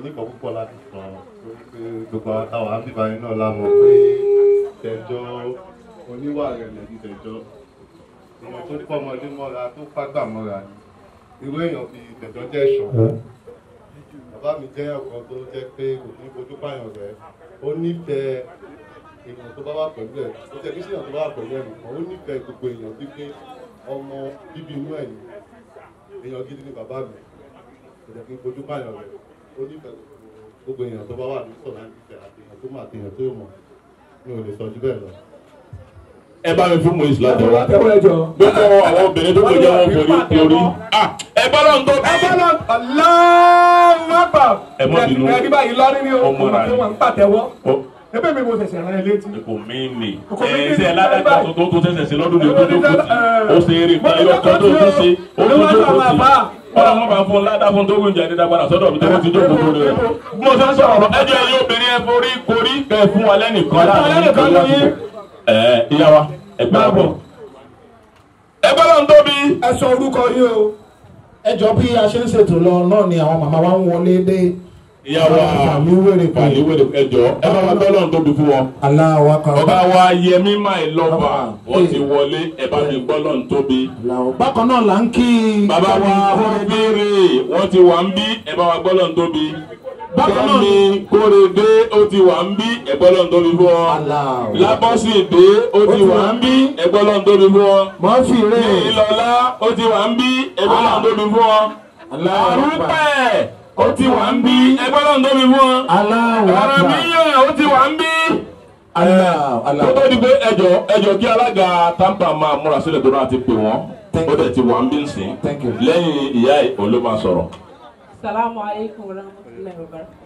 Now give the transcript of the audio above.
oníkan púpọ̀ láti sọ gbogbo àtàwọn àbíbáyé náà lámọ̀ pé tẹ̀jọ́ oníwà rẹ̀ lẹ́yìn tẹ̀jọ́ ọmọ tó pọ́mọdé mọ́ra tó fágbà mọ́ra irú èèyàn bíi tẹ̀jọ́ jẹ́ ìṣọ̀kan bàbá mi jẹ́ ọ̀kan tó jẹ́ pé kò ní bojú pààyàn rẹ̀ ó nífẹ̀ẹ́ èèyàn tó bá wà pẹ̀lú ẹ̀ ó jẹ́ kí sèèyàn tó bá wà pẹ̀lú ẹ̀ nìkan ó nífẹ̀ẹ́ gbogbo èèyàn wípé ọmọ bíbí inú ẹ̀yìn èèyàn gidi ni bàbá mi kò jẹ́ kí bojú pààyàn rẹ̀ onífẹ̀ẹ́ gbogbo èèyàn tó bá wà ní sọ̀rọ̀ àìsẹ̀ àti èèyàn tó mà àti èèyàn tó yọ̀ mọ̀ mi ò lè sọ jù bẹ́ẹ̀ lọ. ẹ bá mi fún mo ìsìlá jọ wá gbogbo àwọn obìnrin tó kọjá wọn kò ní orí ẹ bá lọ ń bí. ẹ bá lọ láàbà ẹ mọ bínú ọmọ rà ní ebe mi mo ṣẹ̀ṣẹ̀ rán ẹ létí. kò mí mi ẹsẹ aládàgbà tó tó ṣẹ̀ṣẹ̀ sí lọ́dún ní ọdún tó kù tí ó ṣe eré ìgbà yóò tó tó ṣe ó tó tó tó ṣe. bọ́lá wọn fún ládàfún tó gùn jáde dágbára sọ́dọ̀ tó bí mo ṣe ń obìnrin ẹ forí korí fún wa láàrin ẹ ìyá wa tóbi. ẹ o. ẹ jọ bí a ṣe ń ṣètò lọ náà ni àwọn màmá wa ń wọlé ìyàwó àlewèrè ẹjọ ẹ bá wa tọ́lọ̀ tóbi fún wọn. aláwa kan wa yẹmí máa ẹ lọ́ba wọ́n ti wọlé ẹ bá mi gbọ́lọ̀ tóbi. bákan náà là ń kí. bàbá wa wọ́n béèrè wọ́n ti wà ń bí ẹ bá wa gbọ́lọ̀ tóbi. bákan náà ni kórèdé ó ti wà ń bí ẹ gbọ́lọ̀ tóbi fún wọn. lábọ́sídé ó ti wà ń bí ẹ gbọ́lọ̀ tóbi fún wọn. mọ́fìrè. ìlọ́lá ó ti wà ń bí ẹ gbọ́lọ̀ ah ó ti wà ń bí. ẹgbẹ́ náà ń tóbi fún wọn. aláwọ̀ àgbà ọ̀rọ̀ mi yàn ó ti wà ń bí. aláwọ̀ tó tó di pé ẹjọ́ ẹjọ́ kí alága tampa máa múra sílẹ̀ tó náà ti pè wọ́n ó dẹ̀ ti wà ń bí ń lẹ́yìn ìyá òun ló máa sọ̀rọ̀. salamu alaykum wa rahmatulahi wa barakatuh.